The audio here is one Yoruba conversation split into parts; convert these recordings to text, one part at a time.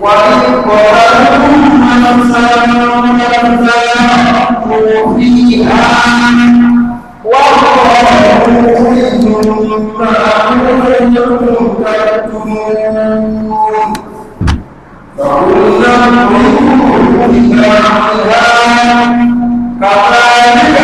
وإن من فيحكم فيها والله مما كنتم تكتمون فقل لهم بها كذلك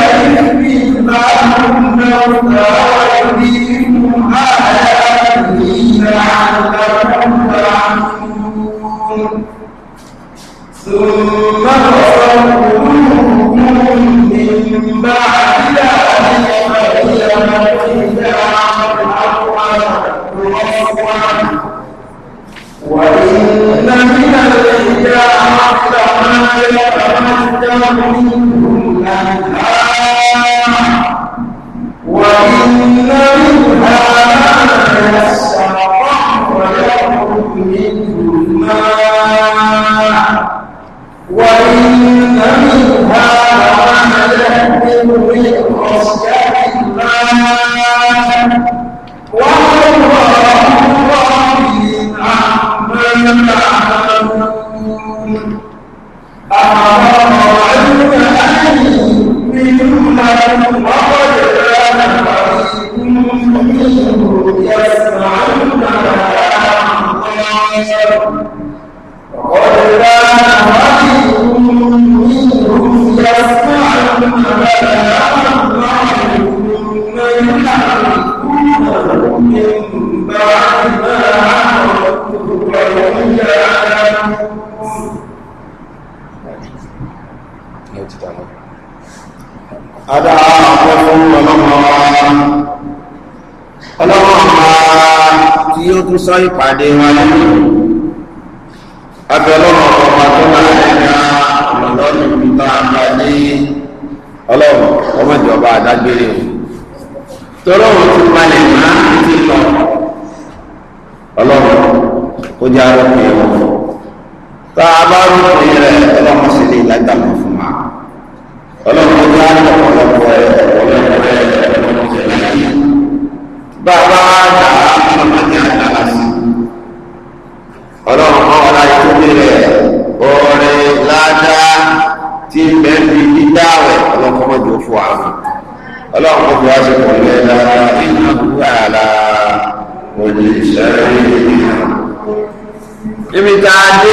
पाड़े वाली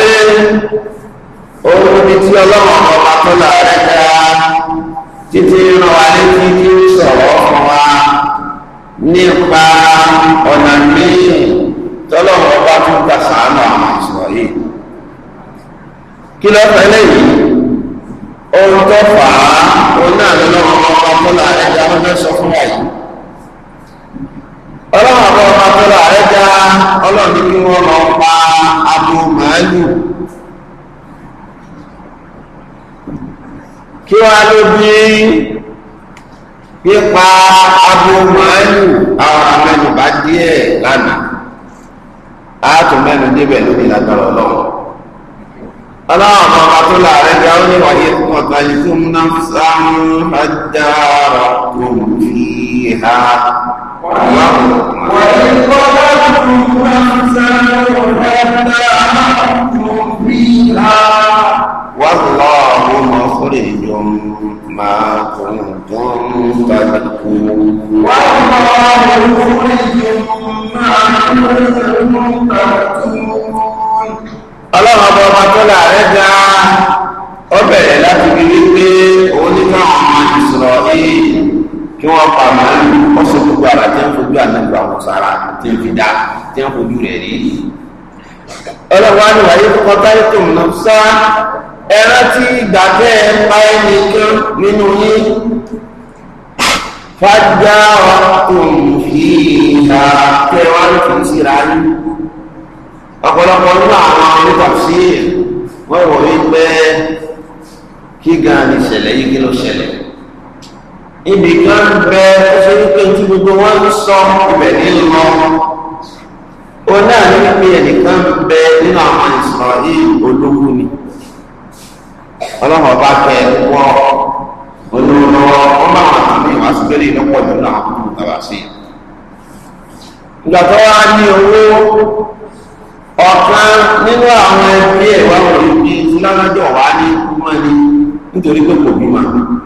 òun ni tí ọlọ́run ọba tó là rẹ̀ ká títí ràn wá létí kí ń sọ̀rọ̀ fún wa nípa ọ̀nà míì tọ́lọ́run ọba tó gbà sàánù àwọn ìṣòro yìí kí ló fẹ́ lẹ́yìn ohun tó fà á òun náà lọ́wọ́ ọba tó là ká ló fẹ́ sọ fún wa yìí ọlọ́run àbọ̀ ọmọ tọ́lá rẹ̀ dá ọlọ́run kí wọ́n lọ pa abu màálù kí wọ́n ló bí pípa abo màálù àwọn amẹ́nubà díẹ̀ lánàá ààtò mẹ́nu débẹ̀ lórí lágbára ọlọ́run ọlọ́run àbọ̀ ọmọ tọ́lá rẹ̀ dá ó ní wáyé kọ̀tà ìfúnnáfà ń hájà rà kó fi. فيها وإن قلبتم خمسا وتتعمقتم فيها والله مخرج ما كنتم تذكرون والله مخرج ما كنتم تذكرون ọlọ́run ọba ọba tó láàrẹ́ dáa ó bẹ̀rẹ̀ láti fi wípé òun ní káwọn ọmọ ìṣòro yìí kí wọ́n pa màálù ọ̀sẹ̀ gbogbo ara tí wọ́n fojú ànágbà wọn sára tí wọ́n fi dá tí wọ́n fojú rẹ̀ rí. ọlọ́wọ́ ni wàá yẹ kọ́kọ́ táyé tó nà sá ẹ rántí ìgbà tẹ́ ẹ pa ẹni kan nínú yín fájá ọkùnrin ìhà tẹ́ wọ́n lè fi síra yín ọ̀pọ̀lọpọ̀ nínú àwọn onítàfsí wọ́n wọ̀ wípé kí gan ìṣẹ̀lẹ̀ yìí kí ló ṣẹlẹ̀ ibì kan bẹ ẹsẹ wípé tí gbogbo wọn ń sọ ibẹ̀ ní lọ ó náà ní wípé ẹnìkan bẹ nínú àwọn ìsọ yìí olówó ni ọlọ́run ọba kẹ wọ olówó wọn bá wọn àti ní wọn sì gbélé lọ́pọ̀ jù náà wọn tàbá sí i. ìgbà tó wá ní owó ọ̀kan nínú àwọn ẹbí ẹ̀ wá wọ̀nyí bíi fúlánájọ́ wá ní kúmọ́ ni nítorí pé kò bímọ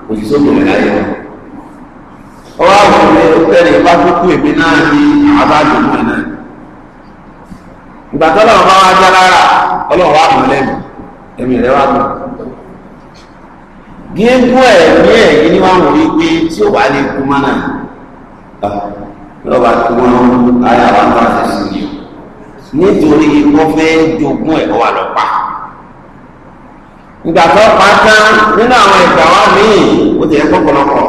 kò sì sóbò láyé wọn ọwọ́ àwọn ọmọ ẹ̀ tó tẹ̀lé bá tó kú èmi náà ní àbájọ náà náà ìgbà tọ́lọ̀ bá wá já lára ọlọ́run wá mọ̀ lẹ́nu ẹ̀mí rẹ̀ wá mọ̀ gígùn ẹ̀mí ẹ̀ yìí ni wọ́n rí pé tí ó wà ní ikú mọ́nà ah, lọ́ba tí wọ́n ayé àwọn bá ti sùn ní o nítorí wọ́n fẹ́ jogún ẹ̀ wà lọ́pa ìgbà tó pa tán nínú àwọn ìgbà wa míì ó ti ẹ̀ kọ́kọ́lọ́kọ́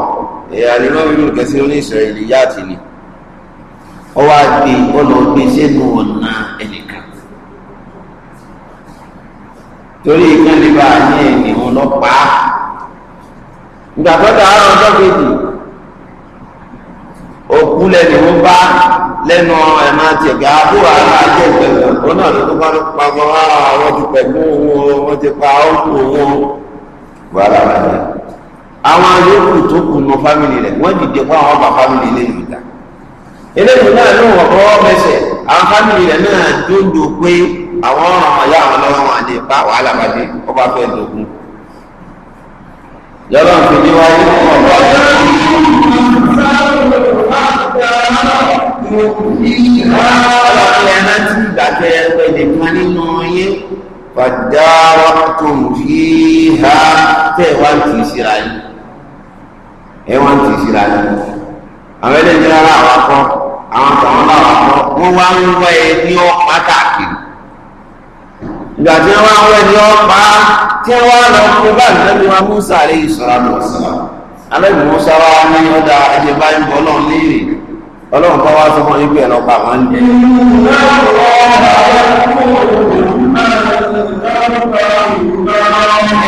alimami ibn ní Israiliyati ni ó wá gbé ó lọ sínú ọ̀nà ẹnìkan torí ìkànnì bá a ní ẹni wọn lọ pa á ìgbà tó dà á ọjọ́ kejì òkú lẹ́nu ó bá lẹ́nu ẹ̀ma àwọn yòókù tó kù nù fámìlì rẹ̀ wọ́n dìde fún àwọn ọba fámìlì ilé ìlú ta eléyìí náà ló wọ̀ bọ́ mẹsẹ̀ àwọn fámìlì rẹ̀ náà dúndú pé àwọn ọ̀ràn ọ̀yá àwọn lọ́wọ́ wọn àti ipa wàhálà bàjẹ́ ọba fẹ́ dògún yọ̀rọ̀ nǹkan ní wáyé fún ọ̀rọ̀ ọ̀rọ̀ ẹ̀rọ ti gbàgbé ẹgbẹ́ nìkan nínú yín fàdáwà tó ń fi ha tẹ̀ wá kì í síra yìí ẹ wá ń tì í síra ni àwọn ẹlẹ́ni rárá àwọn akọ àwọn tàwọn bá wà kọ wọ́n wá ń wá ẹ ní ọ̀pá káàkiri ìgbà tí wọ́n wá ń wá ẹ ní ọ̀pá tí wọ́n wá lọ fún bá ìlẹ́nu wa Musa àlẹ́ ìṣọ́ra ní ọ̀sán alẹ́bí Musa wá ní ọ̀dà ẹ̀jẹ̀ báyìí bọ́ ọlọ́run léèrè ọlọ́run bá wá sọ fún yín pé ẹ̀ lọ́pàá máa ń lè.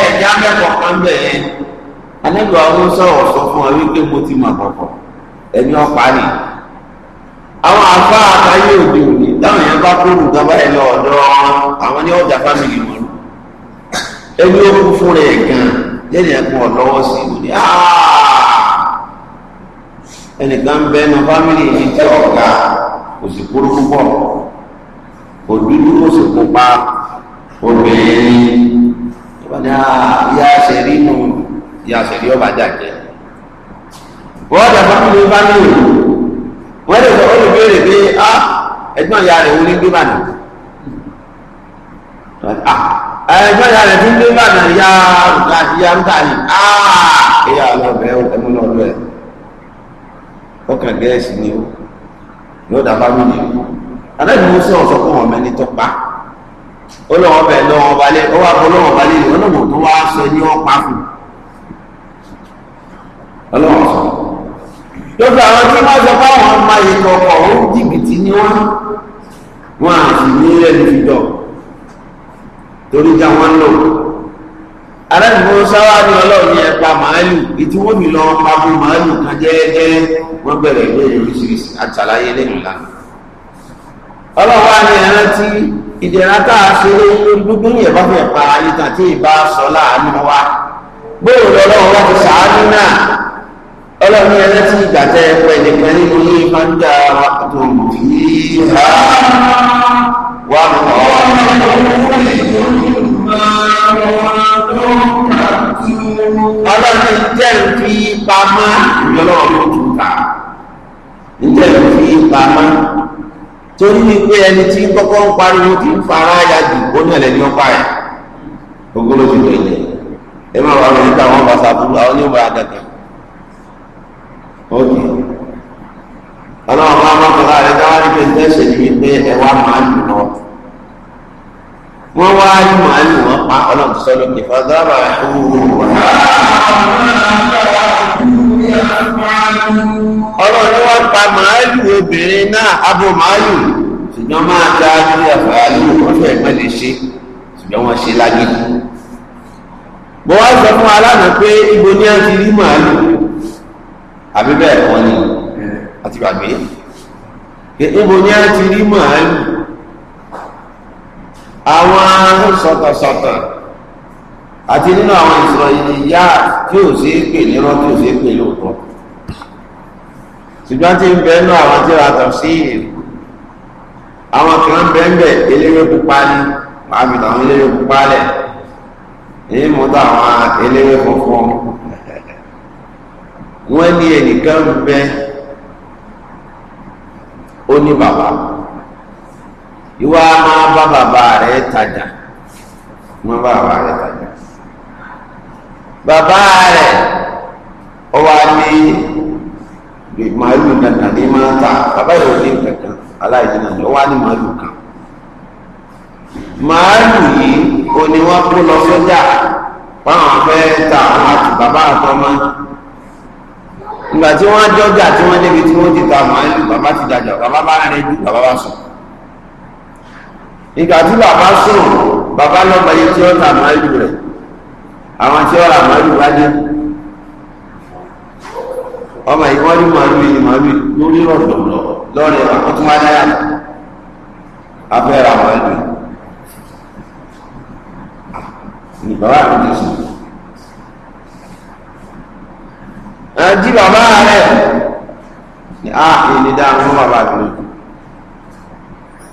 ẹ̀jẹ̀ amẹ́kọ̀ọ́ kan bẹ̀ yẹn anábì ọ̀hún sọ̀rọ̀ sọ fún ọ wípé mo ti mọ̀ pọ̀pọ̀ ẹni ọ̀pá ni àwọn afá àtàyè òde òní táwọn yẹn bá kúrò nǹkan báyìí lọ ọ̀dọ̀ àwọn ní ọjà fámìlì wọn lù ẹni ó kú fún rẹ̀ gan lẹ́yìn ẹ̀kún ọ̀lọ́wọ́ sí i ní ẹnìkan ń bẹ́ẹ̀ nu fámìlì yìí jẹ́ ọ̀gá kò sì kúrò púpọ̀ òdúdú kò sì pupa obìnrin ìbàdàn ìyá ṣẹ̀rí nù ìyá àṣẹ̀rí ọba jàjẹ́ wọ́n dàgbà fún mi fámìlì wọ́n lè sọ olùbéèrè pé á ẹ̀gbọ́n ìyá rẹ̀ wo ní gbé bàná ẹ̀gbọ́n ìyá rẹ̀ tún gbé bàná ìyá àti ìyá ń tà ní á ah, ìyá ọlọ́bẹ̀ ẹ̀mú lọ́dọ̀ ẹ̀ ọkàn gẹ̀ẹ́sì ni ó yóò dàbá lónìí adájọ́ mo sọ ọ̀sọ́ fún ọmọ ẹni tó pa ó bẹ̀ lọ́wọ́ balẹ̀ ó wà lọ́wọ́ balẹ̀ ọlọ́wọ́ tó wá sọ ní ọ̀pá ọlọ́run sọ lọ́dọ̀ àwọn tí wọ́n sọ fáwọn ọmọ ikọ̀ ọkọ̀ ó jìbìtì ni wọ́n wọ́n á sì ní lẹ́nu fìdọ̀ torí já wọn lò arábìnrin sáwá ní ọlọ́run yẹn pa màálù ìtí wọ́n mi lọ pa fún màálù kan jẹ́ẹ́jẹ́ wọ́n bẹ̀rẹ̀ ìwé oríṣiríṣi àtàlàyé lẹ́nu lánàá ọlọ́wọ́ ni ẹran tí ìdẹ̀ra tá a ṣe gbogbo yẹn bá fẹ́ pa ayé tàbí ìbá sọ láàánú wa bóòlù ọlọ́run ti ṣàánú náà ọlọ́run ẹlẹ́tì ìgbà tẹ́ ẹ pẹ́ nìkan nínú ilé máa ń dá tó ń fi hà wà mọ́ ọlọ́run jẹ́ ń fi pamọ́ ìjọlọ́run tó tù ká ìjẹ́ ń fi pamọ́ torí wípé ẹni tí kọ́kọ́ ń pariwo ti ń fara ya jù ó ní ẹlẹ́ni ọ̀pá ẹ̀ ogologo ìlẹ̀ ẹ máa wà lórí táwọn bá sábúrú àwọn onímọ̀ àgàgà òkè ọlọ́run bá wọn kọ́ láàrin táwọn ní pé tẹ́sẹ̀ ní wípé ẹ wá máa lù lọ wọ́n wá ní máa lù wọ́n pa ọlọ́run tó sọ́dọ̀ kì fọ́dọ́rọ̀ ẹ̀húnwó ọlọ́run wọ́n pa màálù obìnrin náà abo màálù ṣùgbọ́n máa dá sí àfààní ọ̀fẹ́ ìpẹ́lẹ̀ ṣe ṣùgbọ́n wọ́n ṣe lágídí mo wá sọ fún aláàánú pé ibo ni a ti rí màálù àbí bẹ́ẹ̀ kọ́ ni àti gbàgbé níbo ni a ti rí màálù àwọn sọ̀tọ̀sọ̀tọ̀ àti nínú àwọn ìṣòro ìyá tí ò ṣeé pè nírọ́ tí ò ṣeé pè lóòótọ́ ṣùgbọ́n tí ń bẹ nínú àwọn tí wàá tọ̀ sí àwọn kan bẹ́ẹ̀ eléwé pupa ni wàá fi tàwọn eléwé pupa lẹ̀ èyí mú tàwọn eléwé funfun wọ́n ní ẹnìkan ń bẹ ó ní bàbá ìwà máa bá bàbá rẹ̀ tajà wọ́n bá bàbá rẹ̀ tajà bàbá rẹ̀ ó wá ní màálù dandan ní máa ta bàbá yóò ní kankan aláìní náà ni wá ní màálù kan màálù yìí ó ní wọ́n kó lọ sọ́jà báwọn fẹ́ ta àwọn àti bàbá àtọmọ. ìgbà tí wọ́n dọ́jà tí wọ́n débi tí wọ́n ti ta màálù bàbá ti dàjà bàbá bá rẹ̀ ju bàbá bá sùn ìgbà tí bàbá sùn bàbá lọ́gbà yìí tí ó ta màálù rẹ̀ àwọn tí ó ra màálù bá dé ọmọ yìí wọ́n rí màálù yìí màálù lórí ọ̀dọ̀ lọ́rẹ̀ àwọn tó jí bàbá rẹ̀ ní a èlé dáa fún bàbá rẹ̀ lójú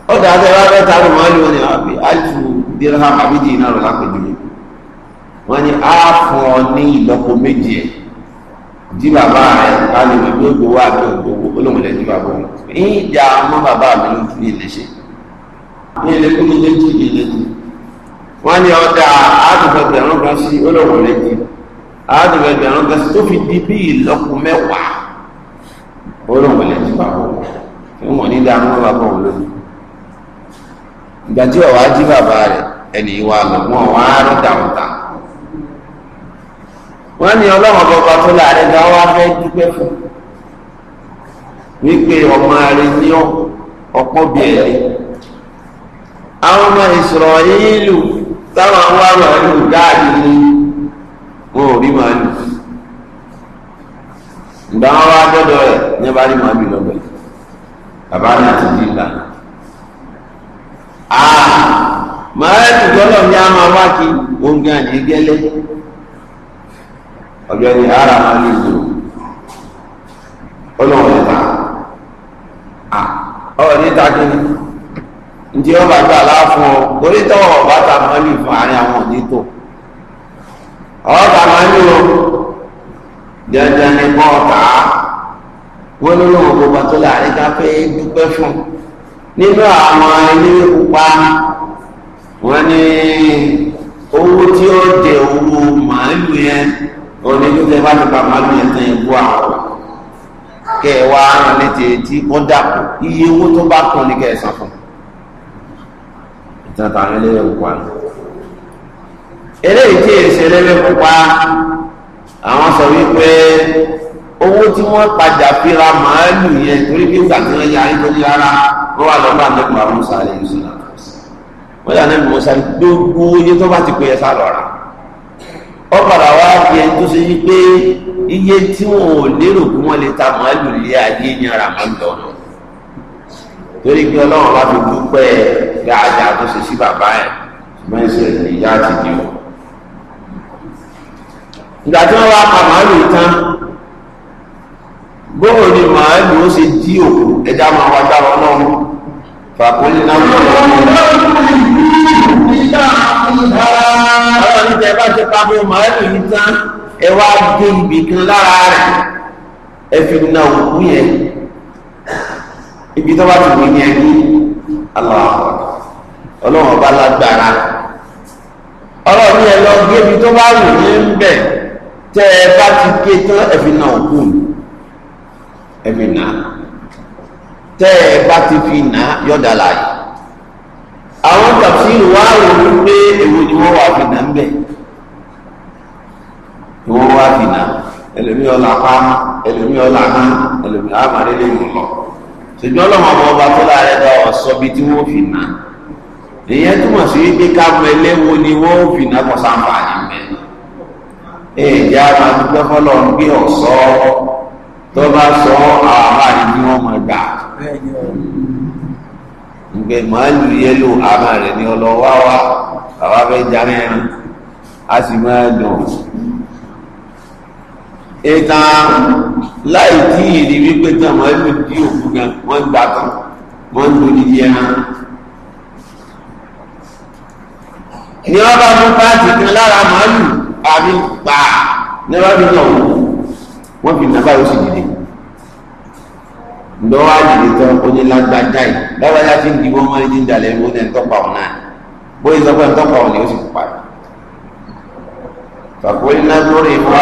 ó dà á sẹ́wọ́n bẹ́ẹ̀ tààrù wọn lò ní àbí àìsù dirham àbídì iná rẹ̀ lápẹ̀jùlẹ̀ wọ́n ní a fún ọ ní ìlọ́po méjì ẹ̀ jí bàbá rẹ̀ ká lè mọ̀ bí gbowó àbí ògbówó olóńgbòlẹ̀ jí bàbá wọn ìjà mọ́ bàbá mi ló fi ilé ṣe ní ilé kúndínlẹ́jì ilé jù ní ọjà àádùfẹ́ bẹ̀rún kan sí olóńgbòlẹ̀ àádùn ẹgbẹ̀rún gẹ̀ẹ́sì tó fi bí ìlọ́kù mẹ́wàá O lóun wọlé ti bàbá òun kí wọn ní dáa mọ́ bàbá òun lónìí ìgbà tí ọ̀wá wa wọn wá rí ọmọ àwọn táwọn wọn ò rí màálù ìgbà wọn wá gbọ́dọ̀ rẹ ní bá rí màálù lọgbẹ bàbá náà ti di ìlà a màálù gbọ́dọ̀ ní a máa wá kí oúnjẹ àní gẹ́lẹ́ ọjọ́ ni ara màálù lò Ọlọ́run ẹ̀ta a ọ̀rọ̀ níta kí ni ntí ọba gbà láàfún ọ orí tọwọ bàtà màálù fún àárín àwọn òní ọ̀tà máa ń lò dandan ní kọ́ ọ̀tà wọ́n ní lóun gbogbo tó láàrin ká pé dúpẹ́ fún nínú àwọn ilé pupa wọ́n ní owó tí ó dé owó màálù yẹn onídùú tẹ bá ti pa màálù yẹn tán ìbú àwọn kẹ rán létí tí wọ́n dàpọ̀ iye owó tó bá kàn ní kẹ ẹ san fún un ìtàn tàwọn ilé pupa náà eléyìí tí èsì eléwé pupa àwọn sọ wípé owó tí wọ́n padà fi ra màálù yẹn torí bí ìgbà tí wọ́n yà á nítorí rárá wọ́n wà lọ́gbà nípa musa alẹ́ yusuf wọ́n yà nípa musa gbogbo iye tó bá ti pè é sá lọ rà ó padà wá di ẹni tó ṣe wípé iye tí wọn ò lérò kí wọ́n lè ta màálù lé ayé ní ara màálù lọ́nà torí pé ọlọ́run bá fi dúpẹ́ dáadáa tó ṣe sí bàbá ẹ̀ mẹ́sẹ̀ ìyá àti ìdíwọ̀n ìgbà tí wọ́n wá pa màálù tán bóò ni màálù ó ṣe dí òkú ẹja máa wá gbára ọlọ́run fàkúlì náà wọ́n lọ sí ọlọ́run ọlọ́run tẹ bá ti pa bó màálù yìí tán ẹ wá gé ibì kan lára rẹ̀ ẹ fi na òkú yẹn ibi tó bá ti wù ní ẹni ọlọ́run ọba lágbára ọlọ́run yẹn lọ gé ibi tó bá wù ní ń bẹ̀ tẹ́ ẹ bá ti gé tán ẹ̀fìn náà òkú mi ẹ̀fìn náà tẹ́ ẹ bá ti fi náà yọ̀dà láàyè àwọn tafsir wá rò wípé èwo ni wọ́n wá fi náà ń bẹ̀ ni wọ́n wá fi náà ẹlòmíì ọ̀la pa ẹlòmíì ọ̀la ná ẹlòmíì àmàlẹ́ lè mú lọ ṣùgbọ́n ọlọ́mọ ọmọ ọba tó láàrẹ bá ọ̀sọ́ bíi tí wọ́n fi náà èyí túmọ̀ sí wípé ká mọ ẹlẹ́wo ni wọ́n fi náà kọ́ sáǹfà ní mẹ́rin ìyá máa dúpẹ́ fọlọ́ bí ọ̀sọ́ tó bá sọ àwọn àmàlì ni wọ́n máa gbà. ǹgbẹ́ màálù yẹ́lò àmàlì ni ọlọ́wá wa bàbá fẹ́ jáde ẹran a sì máa dùn. ìtàn láì tí ìdí wípé tán màálù dí òkú gan wọ́n gbà tán wọ́n ń lo nídìí ẹran. ni wọ́n bá mú páàtì kan lára màálù àmì pa nígbà tó náà wọ́n fi nàbà yóò sì dìde lọ́wọ́ àdìdì tán onílágbájá yìí lágbájá ti ń di wọ́n mọ́lẹ́ ti ń dalẹ̀ ẹ̀rọ ní ẹ̀ńtọ́pà ọ̀nà bóyá ìsọpọ̀ ẹ̀ńtọ́pà ọ̀nà yóò sì pa rẹ̀. فقل نظر ما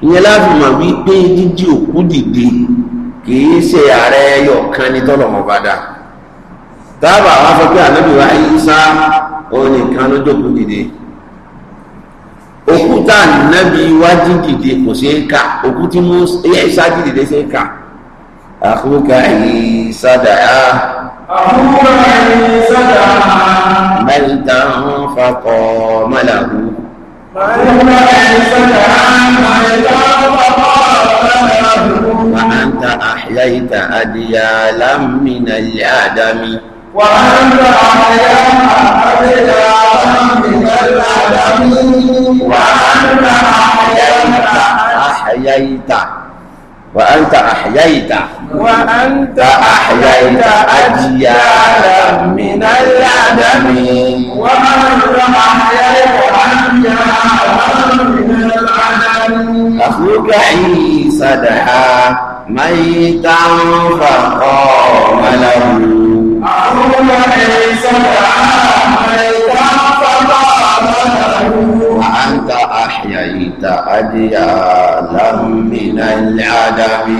ìyẹn láti mọ̀ wípé jíjí òkú dìde kìí ṣe ààrẹ ẹyọkan ní tọ́lọ̀mọ̀ padà tábà wá sọ pé ànábì wa Ìsá òun nìkan ló jókòó dìde òkúta ànábì wa jí dìde kò ṣe é kà òkú tí mú Ìsá jí dìde ṣe é kà àkókò Ìsá dàá. àkókò Ìsá dàá. bẹ́ẹ̀ ta ń fakọ̀ mọ́làkú. àkókò Ìsá dàá. وأتيت لم من الآدم وأنت أحيانا أديالا من الآدم وأنت أحيانا أحييت وأنت أحييت وأنت أحييت أجيالا من الآدم وأنت أحييت أجيالا من الآدم أخوك عيسى دعا ميتا فقام له أخوك عيسى دعا ميتا فقام له أنت أحييت أديالا من العدم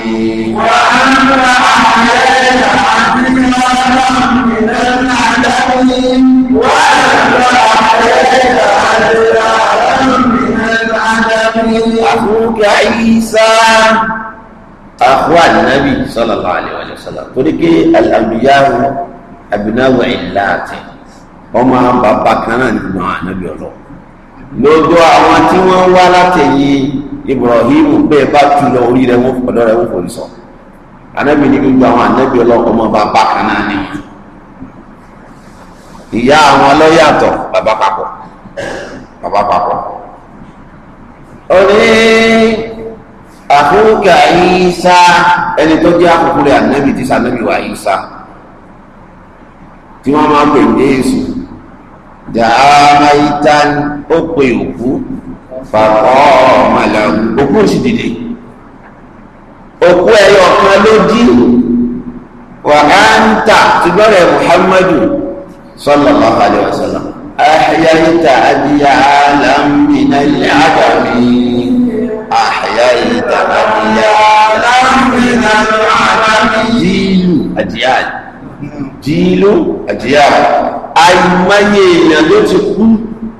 وأنت أحييت أديالا من العدم وأنت أحييت أديالا من العدم من أخوك عيسى أخو النبي صلى الله عليه وسلم تلك الأنبياء أبناء علات وما بابا كان مع النبي الله lójó àwọn tí wọ́n wá látẹ̀yìn Ibrahim bẹ́ẹ̀ bá tu lọ orí rẹ̀ wọ́n fọdọ́ rẹ̀ wọ́n fòrí anábì ní gbogbo àwọn anábì ọlọ́kọ̀ọ́mọ bàbá kan náà ni ìyá àwọn ọlọ́yàtọ̀ bàbá papọ̀ bàbá papọ̀ oní àfúrúkà Ìsá ẹni tó jẹ́ àkókò rẹ̀ ànábì tí sànábì wà Ìsá tí wọ́n máa ń pè ní èsù dàámà ìtàn ó pe òkú fàkọ́ màlàmù òkú sì dìde òkú ẹyọ kan ló jí wà á ń Muhammadu sallallahu alaihi wasallam. أحييت أبي عالم من العدم أحييت أبي عالم من العدم جيل أجيال جيل أجيال àìmáyé èèyàn ló ti kú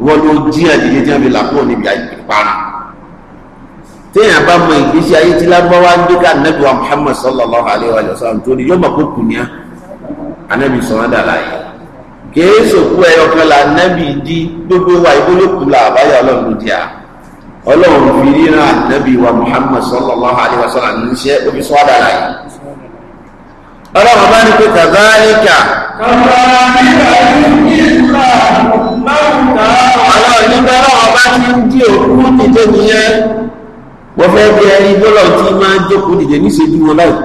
wọn ló jí àdìyẹ tí wọn fi làkúrò níbi ìparun téèyàn bá mọ ìgbésí ayé tí lágbáwá ń dé ká nẹbí wa Muhammad sallallahu alayhi wa sallam tó yóò mọ kó kù anábì sọ̀rọ̀ dà láàyè kìí sòkú ẹyọkan la nẹ́bì dí gbogbo wa ìbólókù la àbáyọ ọlọ́run di à ọlọ́run fi ríran ànábì wa Muhammad sallallahu alayhi wa sallam níṣẹ́ omi sọ́dà láyé ọlọ́run bá ní pé kàzáríkà ọlọ́run ní wọ́n fẹ́ bí ẹni bọ́lọ̀ tí máa ń jókòó dìde níṣẹ́jú wọn báyìí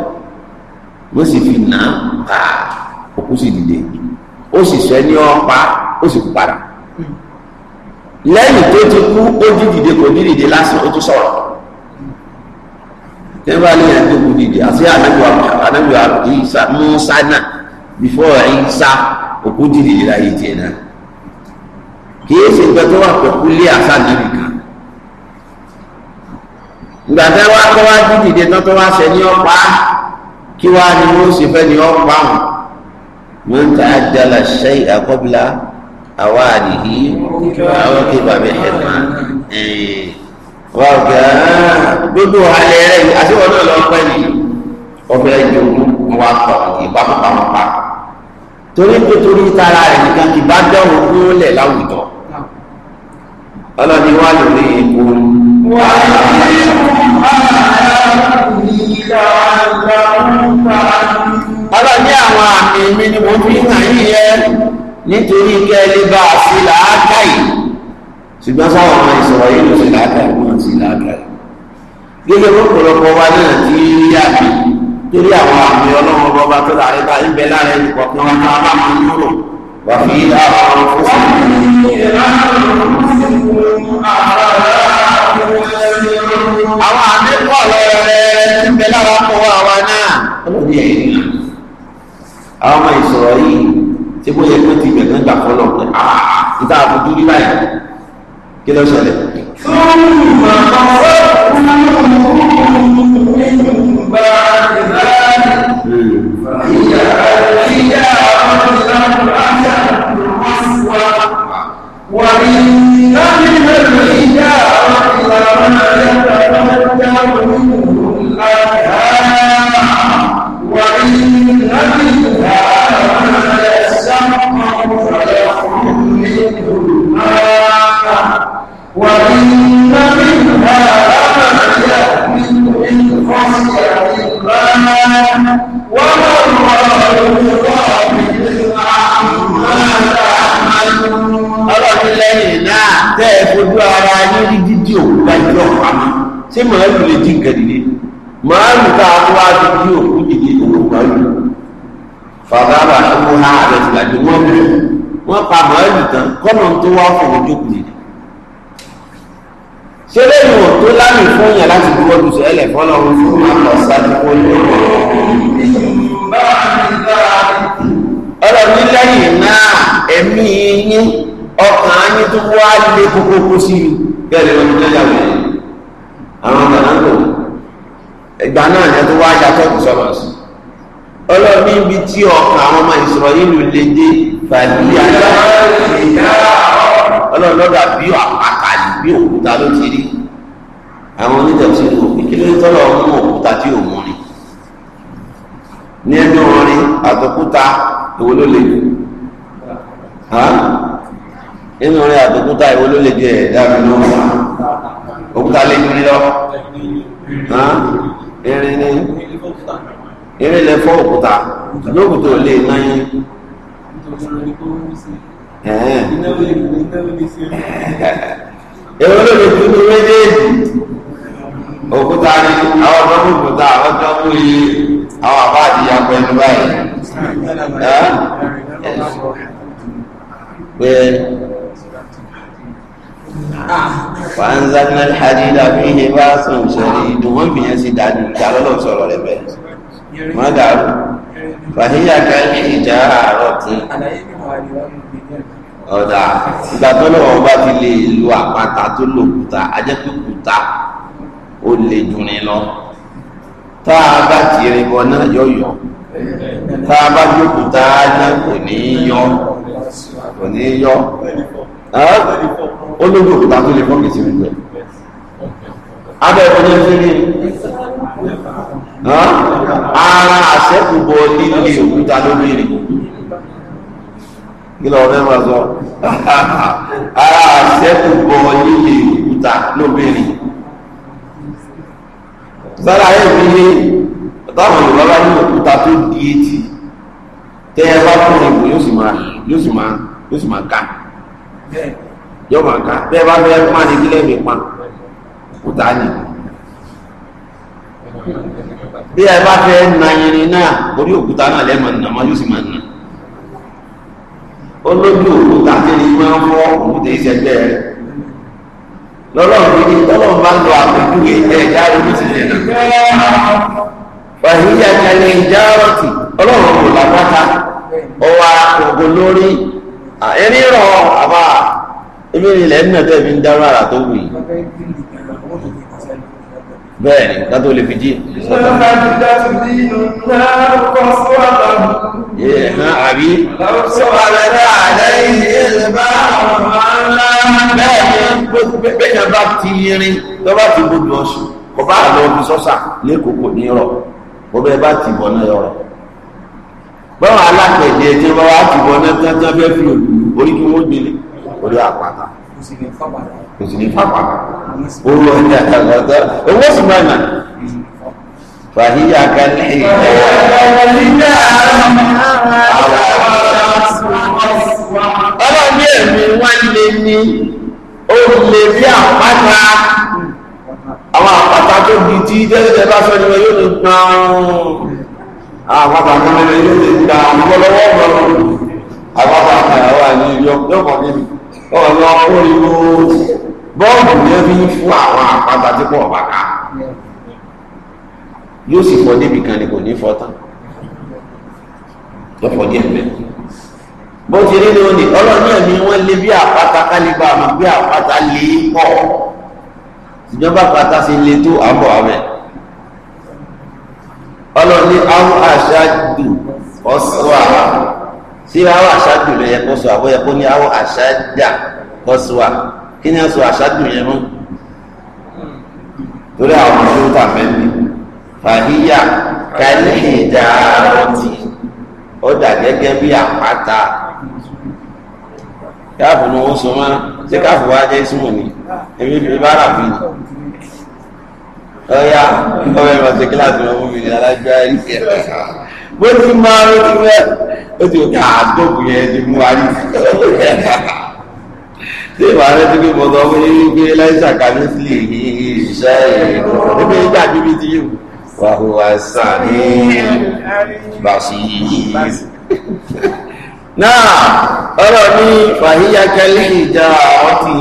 wọ́n sì fi nà á òkú sì dìde ó sì sọ ẹni ọ̀pá ó sì kú padà lẹ́yìn tó ti kú ó dídìde kò dídìde lásán ó tún sọ̀rọ̀ tẹ́wọ́n alẹ́ yẹn tó kú dídì àti anábìwá anábìwá ìsà mùsà náà before ìsà òkú dídìde láyé tiẹ̀ náà kìí ṣe nǹkan tó wà pẹ̀kú lé àṣà nàbì kan ìgbà tẹ́wọ́n akọ́wá dídìde tán tó wá ṣẹ ní ọ̀pá kí wàá ni wọ́n ṣe fẹ́ ní ọ̀pá wọn. من تعجل الشيء قبل أوانه عوقب بحرمان وكان gbogbo alẹ rẹ àtiwọn náà lọ pẹ ní ọbẹ jogún wa kọ ìpamọpamọpa torí pé torí tara rẹ nìkan kì bá dánwò kúrò lẹ láwùjọ ọlọ́ni wà lórí epo. wà á yẹ kó máa yára kùn yíyá náà àwọn àmì mi ni mo fi hàn yín yẹn nítorí kẹ́ ẹ lè bá a sí làákà yìí ṣùgbọ́n sáwọn ọmọ ìsọ̀rọ̀ yìí ló ṣe làákà yìí wọ́n ti làákà yìí gẹ́gẹ́ bó pọ̀lọpọ̀ wa náà ti rí àmì torí àwọn àmì ọlọ́run ọba tó láàrin bá ń bẹ láàrin ìkọ̀kan wọn ká ¿Qué tal there. wá fòwò jókòó nìyí ṣé lẹ́yìn ò tó lámì fún yàn láti dúró ju sí ẹlẹ̀ fọ́nà òun fún mi lọ sáájú kó lè wọ̀ ọlọ́run lẹ́yìn náà ẹ̀mí yín ọkàn yín tó wá lé kókókó sí mi bẹ́ẹ̀ lọ́dún lẹ́yàwó àwọn ọ̀gá náà lò ìgbà náà yẹn tó wá ya tọ́kù sọ̀rọ̀ sí ọlọ́run níbi tí ọkàn àwọn ọmọ ìsọ̀rọ̀ yìí lò lè fàlíyà ọlọ́run lọ́dà bí àpáta yìí bí òkúta ló ti rí àwọn onídọ̀tí ló ìkíló tọ́lọ̀ mú òkúta tí ò ni ní ẹni orin àtòkúta èwo ló lè jù nínú orin àtòkúta èwo ló lè jù ẹ̀ dábì lóhùn òkúta lè jù ní lọ erin ni erin lè fọ́ òkúta lókùtò lè náyìn. èwo ló lè fi ní méjèèjì òkúta ni àwọn òkúta àwọn tó kú yìí àwọn àbá àdìyà báyìí pé hadida ìdùnmọ́ sí dájú sọ̀rọ̀ rẹ̀ bẹ́ẹ̀ fàhíyà ọ̀dà ìgbà tó lọ́wọ́ bá fi lè lo àpáta tó lò kúta ajẹ́pẹ́ kúta ó lè dùnrin lọ tá a bá tìrì bọ náà yọ yọ tá a bá jókòtà náà kò ní í yọ kò ní í yọ ó ló jókòtà tó lè fọ́ọ̀kì sí gbogbo ẹ̀ abẹ́ ìfọ̀jẹ́ sí ni ara àṣẹ́kù bọ líle òkúta lórí rẹ̀ kí lọ́ọ́ fẹ́ máa sọ. ara àṣẹ́kù bọ líle òkúta lóbìnrin sára ayé mi ní táwọn yorùbá bá ní òkúta tó di etí tẹ ẹ bá fún ìwò yóò sì máa yóò sì máa yóò sì máa ká yóò máa ká bẹ́ẹ̀ bá bẹ́ẹ̀ máa ní kílẹ̀ mi pa òkúta ni bí ẹ bá fẹ́ na irin náà orí òkúta náà lẹ́ẹ̀mọ̀ nàmọ́ yóò sì máa nà olójú òkúta kiri máa ń fọ́ òkúta ìṣẹ̀gbẹ́ rẹ̀ lọ́lọ́run ní tọ́lọ́run bá lọ àpèjúwe ẹ̀ dáre ní sílẹ̀ náà fàhíyà kẹlẹ̀ ìjárọ̀tì ọlọ́run kò lágbáta ọwà ògùn lórí ẹni rọ̀ àbá ibi ilẹ̀ ń nàdẹ́ mi ń dáró àrà tó wù yìí bẹ́ẹ̀ ni kátó lè fi jí ìsọ́tà àbí. sọ̀rọ̀lẹ́dá àlẹ́yìn ìlúbá ọ̀hánlá. bẹ́ẹ̀ bẹ́ẹ̀ yẹn bá ti yẹrin tó bá ti gbogbo ọ̀sùn kò bá lọ fi sọ́sà lẹ́kọ̀ọ́ kò ní rọ̀ bó bẹ́ẹ̀ bá ti bọ̀ náà yọrọ̀. báwọn alákẹ̀dẹ̀ ẹ̀jẹ̀ bá wà ti bọ̀ náà tẹ́tẹ́ fẹ́ fi orí kí wọ́n gbélé orí àpáta. kò sì ní fábàtà. orí ọjà àtàlọ́tà owó sì máa nà. فهي كالحجارة ọlọ́run ní ẹ̀mí wọ́n lè ní ó lè bí àpáta àwọn àpáta tó bí tí jẹ́jẹ́ bá sọ níwọ̀n yóò ní gbọ́n àpáta tó lè yóò ní gba ọlọ́wọ́ ọ̀rọ̀ àpáta àyàwó àní yọkọ̀ níbi ọ̀rọ̀ orí bọ́ọ̀lù ní ẹbí fún àwọn àpáta tí kò ọ̀bàká yóò sì fọ débi kan ni kò ní fọ tán lọ́pọ̀ díẹ̀ bẹ́ẹ̀. bó ti rí ni ó ní ọlọ́run náà ni wọ́n lé bí àpáta kálíbà àmọ́ bí àpáta lè pọ̀ ìjọba àpáta sì lè tó àbọ̀ abẹ́. ọlọ́run ní àwọn aṣáájú ọ̀sọ́ àrà sí àwọn aṣáájú ló yẹ kó sọ àbọ̀ yẹ kó ní àwọn aṣáájà ọ̀sọ́ à kí ni a sọ aṣáájú yẹn mọ́ torí àwọn ọmọ tó tà fẹ́ mi fàhíyà kàlíhìjà àròtì ó dà gẹ́gẹ́ bí àpáta káàfù ni wọ́n so mọ́ ṣé káàfù wá jẹ́ símù ni èmi fi bára fi ni ọ̀yà nígbà mẹ́rin ọ̀sẹ̀ kíláàsì lọ́wọ́ mi ní alájọ́ ẹ̀rí bó ti máa ló ti wẹ́ ó ti ká àtòkù yẹn ti mú ayé ṣé ìwà rẹ ti gbé mọ́tò ọmọ yẹn wípé láìsàkà ní sílẹ̀ yìí ṣe é ẹgbẹ́ ìgbà bíbí ti yẹ̀wò. وهو السميع البصير náà ọ̀rọ̀ ní fàhíyàkẹ́lẹ́ ìjà ọtí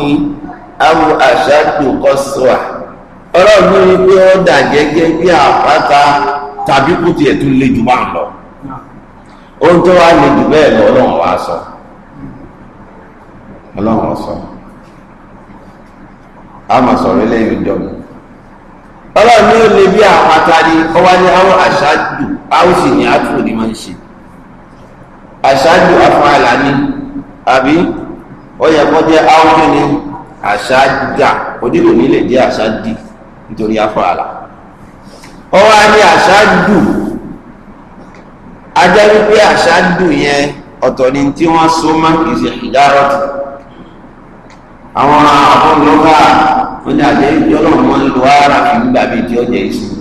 awu àṣàjù kọ́sùwà ọ̀rọ̀ ní wípé ó dà gẹ́gẹ́ bí àpáta tàbí kò tiẹ̀ tún lè jù máa lọ ohun tó wá lè jù bẹ́ẹ̀ lọ sọ ọlọ́run ní òní bí àpáta ni ọwá ní àwọn àṣáájú áwùsì ní àtúrò ní máa ń ṣe àṣáájú àfààlà ni àbí ọyẹ kọ́ jẹ́ áwùsì ni àṣáájà onílò nílè jẹ́ àṣáájì nítorí àfààlà ọwá ní àṣáájú ajá wípé àṣáájú yẹn ọ̀tọ̀ ni tí wọ́n so má kìí ṣe ìdárọ̀tì àwọn àfọlọ́gà wọ́n ní àjẹ́ ìjọ́lọ́ wọn lu ara kì í gbàbí tí ó jẹ́ ìsìn.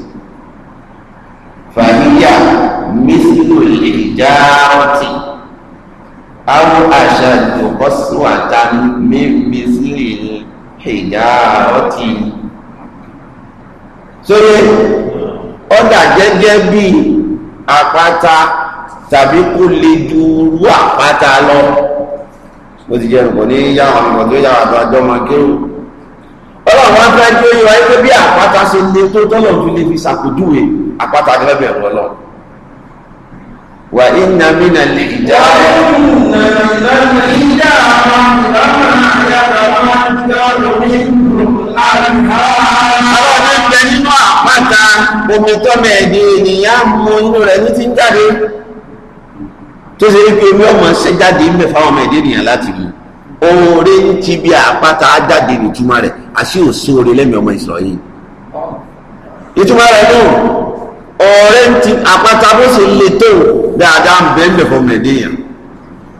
fàyíyà mísìlò lè já ọtí àwọn àṣà ìjọkọ́síwáta mímísìlì ìjà ọtí. sórí ọ̀dà gẹ́gẹ́ bíi àpáta tàbí kó lè ju irú àpáta lọ bó ti jẹ́ nǹkan ní yáwọn ọmọ tó yára tó àjọ máa kéwù ọlọ́run wá fẹ́ kí ó pé bí àpáta ṣe lè tó tọ́lọ̀ fi lè fi ṣàpèjúwe àpáta ní bẹ́ẹ̀ bẹ̀rù ọlọ́run wà iná mínà lè jà àwọn ọmọ ẹgbẹ́ nínú àpáta omi tọ́mọ ènìyàn mú inú rẹ̀ ní ti ń jáde tó ṣe é pé omi ọmọ ṣe jáde ń bẹ fáwọn ọmọ ẹ̀dẹ́ ènìyàn láti mu oore ń ti bí àpáta jáde nìtumọ̀ rẹ̀ àṣì òṣù oore lẹ́mìí ọmọ Ísírẹ́lì ìtumọ̀ rẹ̀ náà ọ̀rẹ́ ń ti àpáta bó ṣe le tó dáadáa ń bẹ́ẹ̀ ń bẹ̀ fọmọ ẹ̀dẹ́ èèyàn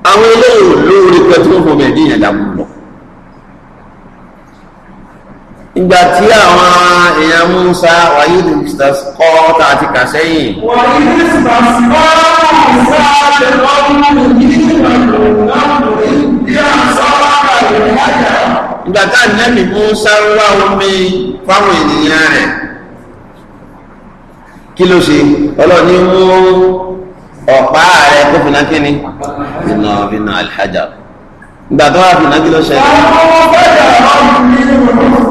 àwọn eléyìí lóore pẹ̀tù fọmọ ẹ̀dẹ́ èèyàn làwọn ìgbà tí àwọn èèyàn Musa wàyídì mùsàkọ́ tá a ti kà sẹ́yìn. wàyídì mùsàkọ́ Musa ṣe lọ́dún yìí ìgbà tá nẹ́mì Musa ń wá omi fáwọn ènìyàn rẹ̀ kí ló ṣe ọlọ́ni mú ọ̀pá rẹ̀ kó fìnà kí ni iná iná alhaja ìgbà tó wà fìnà kí ló ṣẹlẹ̀. àwọn ọmọ fẹ́ẹ̀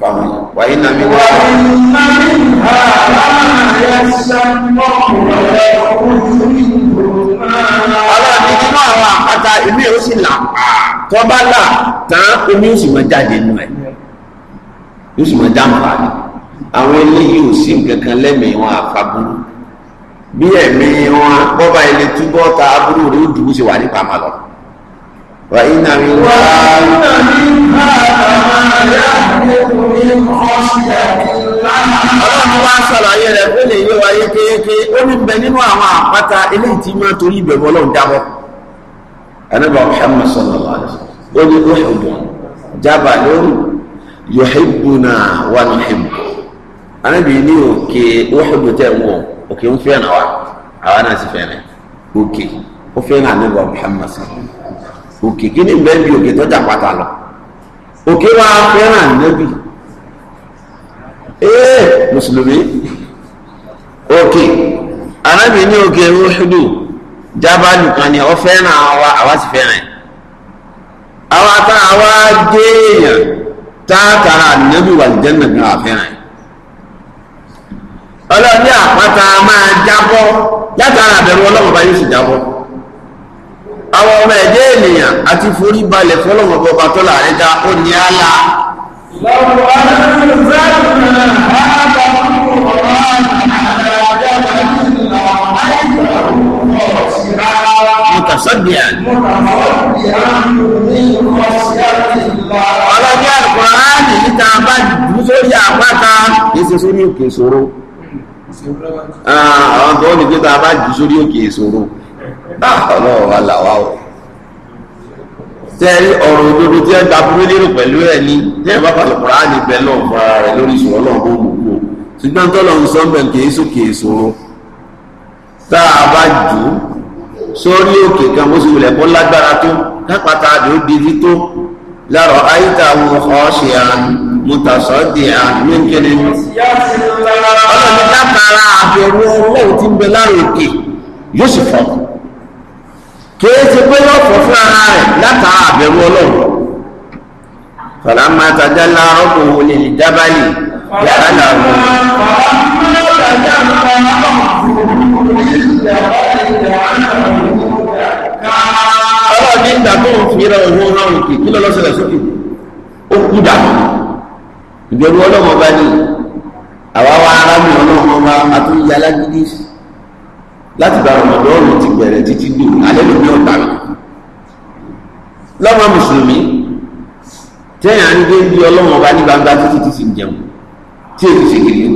fáwọn yìí wàyí náà mi wá. ọlọ́run ní nínú àwọn àpáta ìmí ò sì là pa tọ́ bá là tán omi ò sì mọ jáde nù ẹ̀ yóò sì mọ dámọ̀ra ni àwọn eléyìí ò sí nǹkan kan lẹ́mìí wọn àfàbúrú bí ẹ̀mí wọn bọ́ba ilé túbọ̀ ta aburú rẹ̀ ó dùbú sí wà nípa màlọ́. wàyí náà mi wá. wàyí náà mi wá ọlọ́run wá ṣàlàyé rẹ̀ ó lè yé wa yékéyéké ó ní bẹ nínú àwọn àpáta eléyìí tí máa torí ìbẹ̀rù ọlọ́run dábọ̀ anábà Muhammad sallallahu alaihi wasallam ó ní ó ṣùgbọ́n jábà lórí yuhibbuna wa nuhibbu anábì ní òkè òṣùgbù tẹ̀ wọ̀ òkè ń fẹ́ náà wa àwa náà sì fẹ́ rẹ̀ òkè ó fẹ́ náà anábà Muhammad sallallahu òkè kí òkè wa fẹ́ràn nẹ́bì ee mùsùlùmí òkè arábìnrin ní òkè rúṣùdù jábàlù kan ni ọ fẹ́ràn àwa àwa sì fẹ́ràn àwa tá àwa dé èèyàn tààtàrà wà lìjẹ́nà bí wà fẹ́ràn ọlọ́ọ̀ni àpáta máa jábọ́ látara àbẹ̀rù ọlọ́mọba yóò sì jábọ́. àwọn ọmọ ẹ̀dẹ́ ènìyàn àti forí balẹ̀ fọ́lọ́mọ̀ bọba tó láàrin dá ó ní àlá mutasaddian ọlọ́jọ́ àkùnrin níta bá jù sórí àpáta èsì sórí òkè ìṣòro àwọn ọ̀dọ́ nìgbẹ́ta bá jù sórí òkè ìṣòro ah, Ah, ọlọ́run wa là wá o sẹ́ẹ̀rí ọ̀rọ̀ òdodo tí ẹ gba abúlé lérò pẹ̀lú ẹ̀ ní tí ẹ bá falẹ̀ kura á ní bẹ́ẹ̀ lọ́n fún ara rẹ̀ lórí ìṣòro ọlọ́run bó mú kú o ṣùgbọ́n tọ́lọ́run sọ́ńbẹ̀ kèésù kèésù o tá a bá jù ú sórí òkè kan bó ṣe wulẹ̀ kó lágbára tó kápátá àdó di fi tó lárọ àyíká wọn ọ̀ṣì àrùn mùtàṣọ́dì àrùn méjìlélẹ́. ọlọ́run dábàárà àbẹ̀wò ọlọ́run ti ń bẹ láàrọ̀ òkè yóò sì fọ́n kìí ṣe pé yóò fọ fún ara rẹ̀ látara àbẹ̀rù ọlọ́run fàlà máa tajà láàárọ̀ kò wò lè lè dábàlì yàrá làwọn. ọlọ́run ní ìgbà tó ń fi ra òun ọlọ́run kì kí lọ́lọ́ ṣẹlẹ̀ sókè ó kú dà ìbẹ̀rù ọlọ́run ọba ni àwa wa arábìnrin ọlọ́run ọba àtúnyẹ alágídí sí láti gba rọmọdọ́ọ̀nù ti bẹ̀rẹ̀ títí dùn alẹ́ ló ní ọ̀tá mi lọ́mọ mùsùlùmí tẹ́yìn à ń gbé bí ọlọ́mọ ọba ní gbangba títí ti sì ń jẹun tí èyí ṣe kiri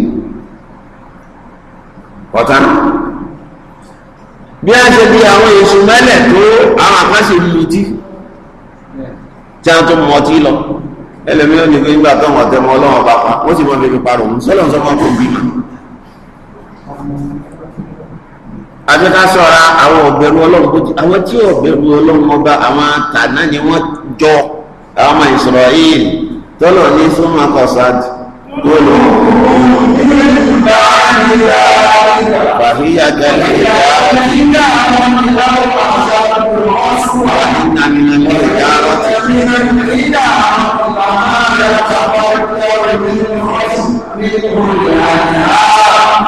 ọ̀tá bí a ṣe bí àwọn èṣù mẹ́lẹ̀ tó àwọn àkáṣe lùtí tí a tó mọ̀ ọtí lọ ẹlẹ́mìíràn ní pé nígbà tó wọn tẹ́ mọ ọlọ́mọ ọba pa wọ́n sì mọ bíbí parọ́ sọ́lọ́n sọ́kọ́ kò bímọ. àti ká ṣọ́ra àwọn ọ̀bẹ̀rù ọlọ́run tó ti àwọn tí ọ̀bẹ̀rù ọlọ́run ọba àwọn tàná ni wọ́n jọ àwọn ọmọ Israel tọ́lọ̀ ní súnmọ́ kọ̀sán gbọ́dọ̀. فهي كالحجارة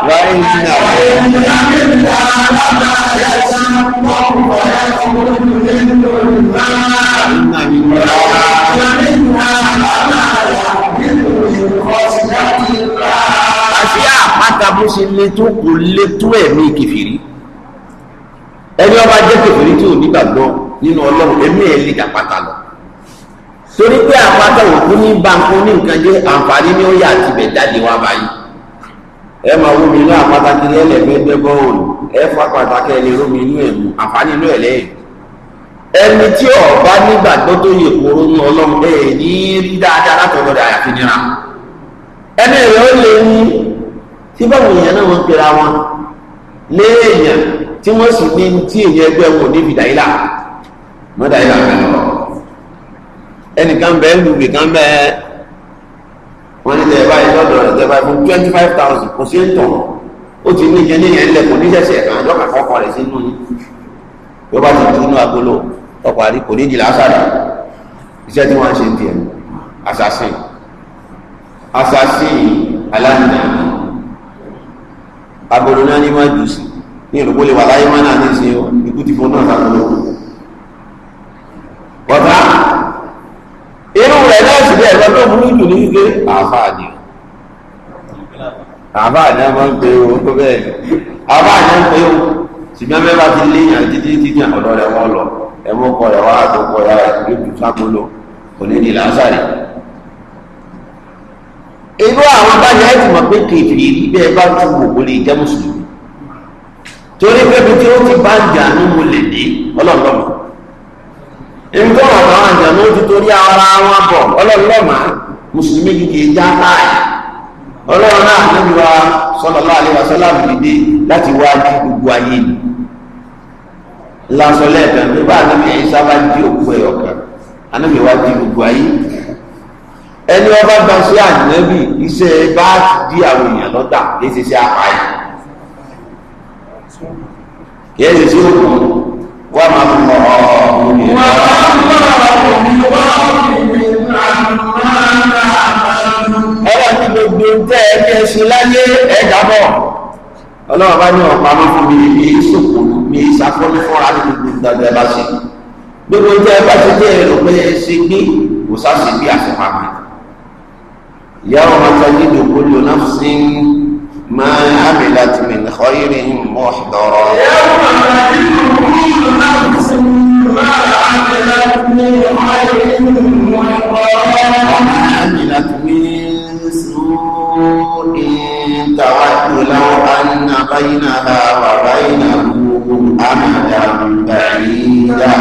وإنا إنا لما يسمى ويخرج من الماء وإنا لما يحمل من خشية الله àti àpáta bó ṣe lè tó kò lè tó ẹ̀mí kẹfìrí ẹni ọba jẹ́ kẹfìrí tí ò nígbàgbọ́ nínú ọlọ́run ẹ̀mí ẹ̀ lè dàpáta lọ torí pé àpáta òkú ní báńkó ní nǹkan jẹ́ àǹfààní ní ó yà àti bẹ̀ jáde wá báyìí ẹ máa wú mi inú àpáta kiri ẹlẹ́gbẹ́gbẹ́ bọ́ọ̀lù ẹ fọ́ àpáta kẹ́ ẹ lè rómi inú ẹ̀ mú àǹfààní inú ẹ̀ lẹ́yìn. ẹni tí ọba nígbàgbọ́ tó yẹ kóró ń ọlọ́run ẹ ní rí dáadáa látọ̀dọ̀ rẹ̀ àyàfi nira. ẹni rẹ̀ ó lè ní tí báwo èèyàn náà wọ́n pera wọn léèyàn tí wọ́n sì ní tí èèyàn ẹgbẹ́ wọn ò ní fìdáyìlà mọ́dáyìlà kan ẹnìkan bẹ́ẹ̀ lùgbì kan wọ́n ní tẹ̀ báyìí lọ́dọ̀ rẹ̀ tẹ̀ báyìí fún twenty five thousand kò sí ń tàn ó ti ní kíní yẹn lẹ̀ kò ní sẹ̀sẹ̀ kan àjọ kàkọ́ kọ rẹ̀ sínú yín bí ó bá ti dùn inú agolo ọkọ̀ àrí kò ní di lásàdà iṣẹ́ tí wọ́n ń ṣe ń tiẹ̀ assassin assassin aláǹdà agolo náà ní má jù sí ní ìlú wọlé wà láyé má náà ní ìsìn ikú ti fún náà sàkóló wọ́n bá irú rẹ̀ náà sì bẹ́ẹ̀ lọ́dọ̀ burú jù ní wípé àfààní àfààní a máa ń pe owó tó bẹ́ẹ̀ àfààní ń pe owó ṣùgbọ́n bẹ́ẹ̀ bá ti léèyàn títí títí ọ̀dọ̀ rẹ̀ wọ́n lọ ẹ̀wọ́n kọ rẹ̀ wá àtọkọ rẹ̀ lójú sákòlò kò ní di lásàrì. irú àwọn bá yẹn ti mọ̀ pé kèfì bẹ́ẹ̀ bá tún wò kó lè jẹ́ mùsùlùmí torí pé bí tí ó ti bá jà ní mo lè dé ọlọ́ọ̀lọ́mọ̀ nǹkan ọ̀rọ̀ àwọn àjàmọ́ ti torí ara wọn bọ̀ ọlọ́ọ̀lọ́mà mùsùlùmí kìkì já táì ọlọ́run náà níbi wa sallallahu alaihi wasallam dìde láti wá ju gbogbo ayé ni lásọlẹ̀ ẹ̀kan tó bá ànábì ẹ̀yìnsá bá di òkú ẹ̀ ọ̀kan ànábì wa di gbogbo ayé ẹni ọba gba sí ànábì iṣẹ́ bá di àwọn èèyàn lọ́tà kì í ṣe ṣe apáyé kì í ṣe ṣe òkú wọ́n máa ń mọ̀ ọ́ ọ́ gbogbo tẹ́ ẹ kẹ́ ṣe láyé ẹ̀dá bọ̀ ọlọ́run bá ní ọ̀pá máa fún mi ní ìṣòkò mi ìṣàkóní fúnra ní gbogbo ìdájọ́ ẹ bá ṣe gbogbo tẹ́ ẹ bá ṣe tẹ́ ẹ rò pé ẹ ṣe gbé kò sá ṣe bí àṣepá mi. ìyá wọn máa ta jíjò kó náà sí máa àmìlà tí mi ní kọ́ yìí ní mọ́ ọ̀dọ́rọ̀. ìyá wọn máa ta jíjò kó náà sí máa àmìlà tí إن تودوا لو أن بينها وبينه أمدا بعيدا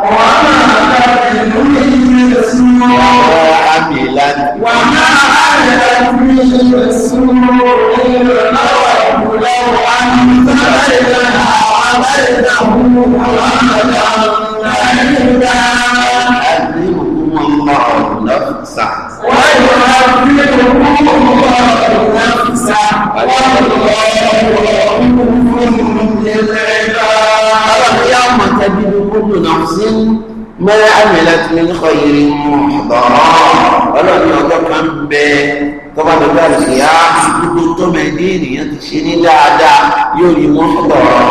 وما تدري نفس عملت وما عملت من سوء إلا لو أن بينها وبينه أمدا بعيدا mẹ́rẹ́ àmìlá ti ní kọ́ yìí dọ̀rọ̀ ọlọ́run ọjọ́ kan bẹ tọ́ba tó bá lè yá gbogbo tó mẹ ní ènìyàn ti ṣe ní dáadáa yóò rí wọn dọ̀rọ̀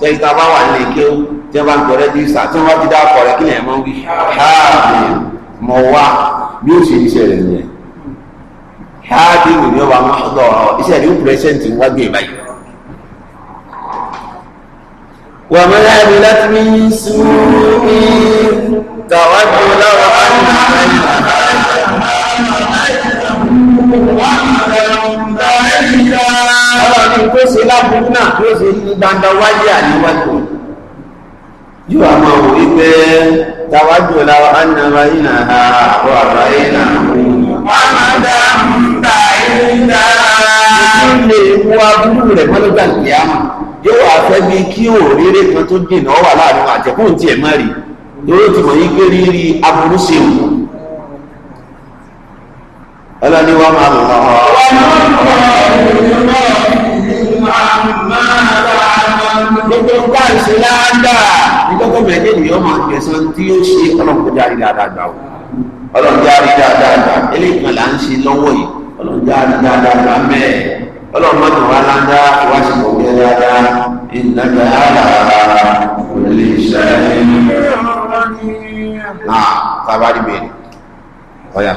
tẹ́yí tá a bá wà lè kéwù tí wọ́n bá ń kọ́rẹ́ bí sà tí wọ́n bá ti dá ọkọ̀ rẹ̀ kí lè mọ́ wí mọ̀ wá bí ó ṣe iṣẹ́ rẹ̀ nìyẹn. káàdì mi ni ó bá mọ́ dọ̀rọ̀ iṣẹ́ rẹ̀ ó pẹ́sẹ́ǹtì wá gbé báyìí. وما عملت من سوء تود لو أن ọlọ́run tó ṣe lábúrú náà tó ṣe ní dandan wáyé àníwájú yóò a máa wò wípé tàwájú ọ̀làwà ánàrà ìnà àbọ̀ àbá ń ta ìrìnà. ìdílé ewu abúrú rẹ̀ mọ́lẹ́gbà ìyá yóò wá fẹ́ bí kí òréré kan tó dènà wà láàrin àtẹ̀kùn tiẹ̀ má rí lórí ti mọ̀ yín pé rírí aburú sí i. ọlọ́ni wa máa mọ̀ ọ́. gbogbo nǹkan ṣe dáadáa nígbàgbọ́ mẹ́jẹ̀ ni yóò máa gbẹ̀sán tí yóò ṣe ọlọ́run jáde dáadáa gbà ó ọlọ́run jáde dáadáa gbà eléyìí kan là ń ṣe lọ́wọ́ yìí ọlọ́run jáde dáadáa gbà mẹ́ẹ̀ ọlọ́run mọ́tò لك إنك على كل شيء نعم طبعا بين طيب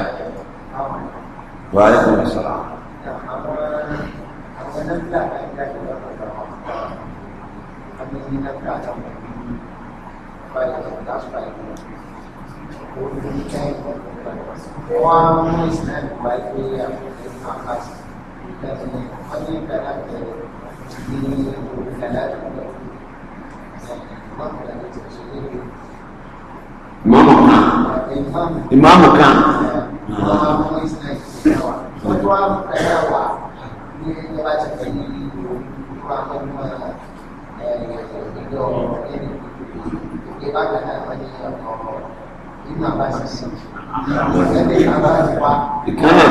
وعليكم السلام One is not likely to be a person. It doesn't mean only that I'm ní ìdàlájú ìmáàmù kan ìmáàmù kan. ìkànnì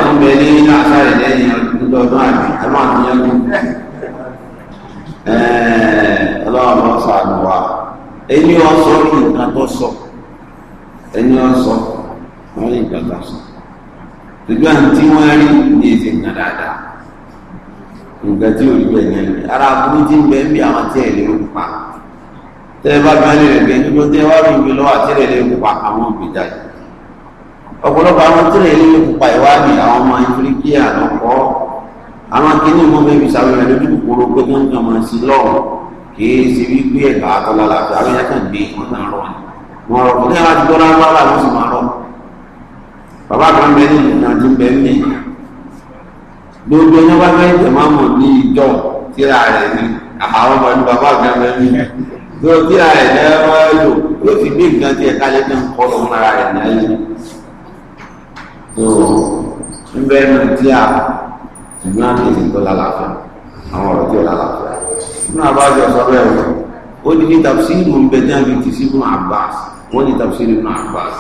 kan bẹ ní àṣà ìlẹ́yìn ọdún ọdún àti àwọn àti yẹn kú. ọlọ́run lọ sànù ẹni ọsọ ní nǹkan tó sọ ẹni ọsọ wọn ní nǹkan tó sọ ṣùgbọ́n àwọn tí rí ní èsì nǹkan dáadáa nǹkan tí ò rí bẹ́ẹ̀ ní ara ń bẹ àwọn tí lè rú pa ẹ bá lọ́wọ́ àti lè àwọn ọ̀pọ̀lọpọ̀ àwọn tí àwọn akíní mọ́ bẹ́ẹ̀ bisá wẹ́rẹ́ lójú kòkòrò pé wọ́n ń jọ mọ̀ sí lọ́wọ́ kìí ṣe wípé ẹ̀gbà àtọ́lá làbẹ́ àwọn yàtọ̀ gbé wọn náà rọ ni wọn rọ ní àwọn àti dọ́là wọn làwọn sì máa rọ. bàbá kan bẹ ní ìlú náà ti bẹ mí gbogbo ẹni wọn fẹ́ tẹ̀ máa mọ̀ ní ìjọ tíra rẹ̀ ni àmàwọn ọmọ ní bàbá kan bẹ mí tó tíra rẹ̀ ní ẹ máa lò yóò fi gbé nǹkan tí ẹ ká lẹ́tẹ̀ ń kọ́ lọ́wọ́ ara rẹ̀ ní ayé ṣùgbọ́n àdéhùn tó lálàáfíà àwọn ọ̀rọ̀ tí ò lálàáfíà Ibn Abbas sọ bẹ́ẹ̀ wọ̀ ó ní ní tafsir ń bẹ jẹ́ àbí tìsí Ibn Abbas wọ́n ní tafsir Ibn Abbas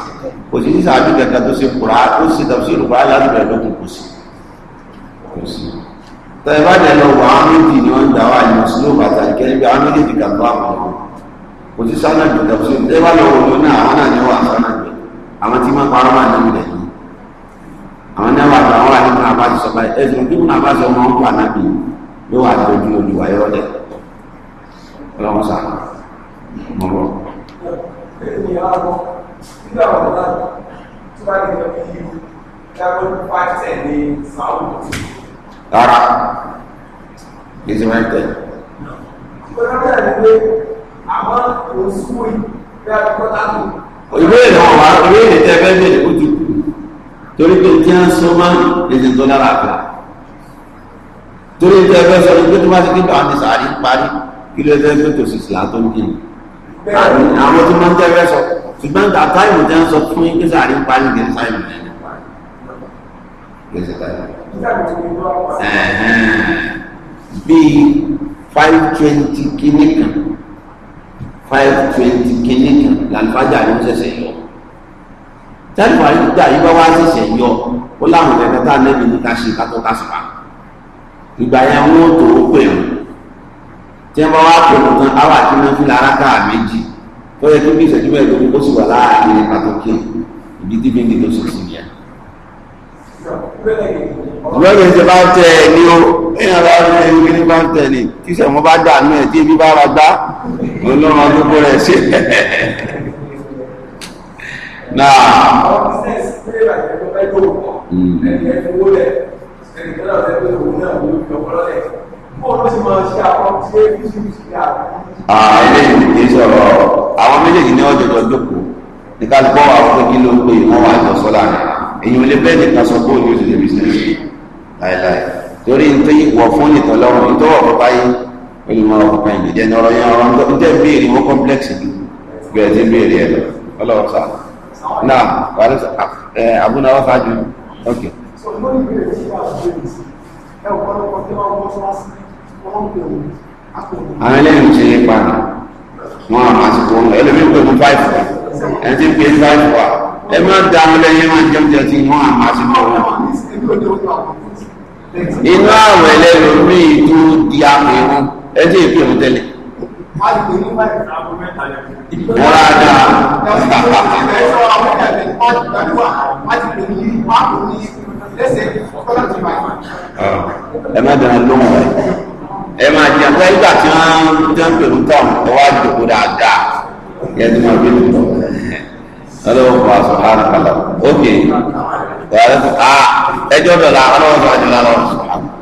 kò sí ní sàbí kẹ̀kẹ́ tó ṣe kura tó ṣe tafsir kura láti bẹ̀rẹ̀ ló kù kù sí kù sí. tẹ̀lé bá dẹ̀ lọ wọ àwọn méjì ni wọ́n ń dà wá ní mùsùlùmí bàtà ìkẹ́lẹ́ bí àwọn méjèèjì kà tó àwọn ọmọ kò sí sánà ju tafsir tẹ̀lé bá lọ wọ àwọn náà àwọn náà ni wọ́n àtàwọn àgbẹ̀ àwọn náà wà sọ àwọn wà nínú abájọ sọ báyìí ẹsùn kí wọn abájọ wọn kó ànábì yóò wà lójú olùwà yọ dẹ Ọlọ́run sà mọ bọ. rárá kí ti máa ń tẹ. ìbéèrè náà wà ìbéèrè tẹ fẹ́ bẹ̀rẹ̀ ó ti kú torí pé tí wọ́n sọ máa èsì tó lára àgbà torí tí ẹgbẹ́ sọ ní pé tó bá ti kí bá ní sàárì parí kí ló dé pé tòsí sílá tó ń kí ni àwọn tó máa ń tẹ́gbẹ́ sọ ṣùgbọ́n nígbà táìmù tí wọ́n sọ fún yín kí sàárì parí kì í sáìmù ní ẹni parí bíi five twenty kìíní five twenty kìíní làlùfáàjà ló ń ṣẹ̀ṣẹ̀ yọ tẹ́lẹ̀ wáyé gbà yí bá wá ṣẹ̀ṣẹ̀ yọ ó láwọn ẹ̀kẹ́ tá nẹ́bi ní ká ṣe kátó ká sùpà ìgbà yẹn wọ́n tó ó pè wọ́n tí wọ́n wá pè wọ́n tán áwà tí wọ́n fi lára ká méjì ó yẹ kí bí ìṣẹ́jú mẹ́ẹ̀ẹ́dógún ó sì wà láàárín ipa tó kí ibi tí bíi nìkan sí ni ẹ̀. lọ́yẹ̀ ṣe bá ń tẹ ẹ ní o èèyàn bá ń tẹ ẹni kíní bá ń tẹ ẹni kí sẹ̀wọ́n bá gbà náà. eléyìí hmm. ah, kì í sọ̀rọ̀ àwọn méjèèjì ní ọjọ́jọ́ jókòó ní ká gbọ́ àwọn pé kí ló ń pè wọ́n wà jọ sọ́lá rẹ̀ èyí ò lè bẹ́ẹ̀ ní ká sọ bóun ní oṣù tẹ̀lé sílẹ̀ láìláì torí ní tó wọ̀ fún nìkan lọ́rùn ní tó wọ̀ fún báyìí olùmọ̀ ọkùnrin ìdẹ́nu ọ̀rọ̀ yẹn ọ̀rọ̀ ń tẹ́ bí èrè wọ́n kọ́ńplẹ́ksì ju bí ẹ ti ń bí èrè ẹ lọ ọlọ́wọ́ sáà náà wà ní àbúná wá fàájú ok. àwọn ẹlẹ́yìn ti ń pa wọn àmà àsìkò wọn ẹlẹ́mí pé fún five wa ẹni tí ń pè five wa ẹ máa da àwọn ẹlẹ́yìn máa jẹun jẹun tí wọn àmà àsìkò wọn. inú àwọ̀ ẹlẹ́yìn mi tó di àmì wọn ẹ ti ń pè wọn tẹ́lẹ̀ wọ́n á dà ẹ má dára lóhùn ẹ máa jẹ pé nígbà tí wọ́n jẹ́ pẹ̀lú tọ́m ẹ wá jòkó dáadáa yẹn ni wọ́n bí lù tọ́ ọlọ́wọ́ pa aṣọ hàn kálá ókè wàá ẹjọ́ dọ̀la ọlọ́wọ́ sọ àjọlá ah, lọ́wọ́ sọ